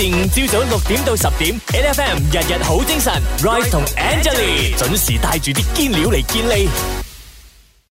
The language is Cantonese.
定朝早六點到十點，NFM 日日好精神 Royce 同 Angeline 準時帶住啲堅料嚟堅利。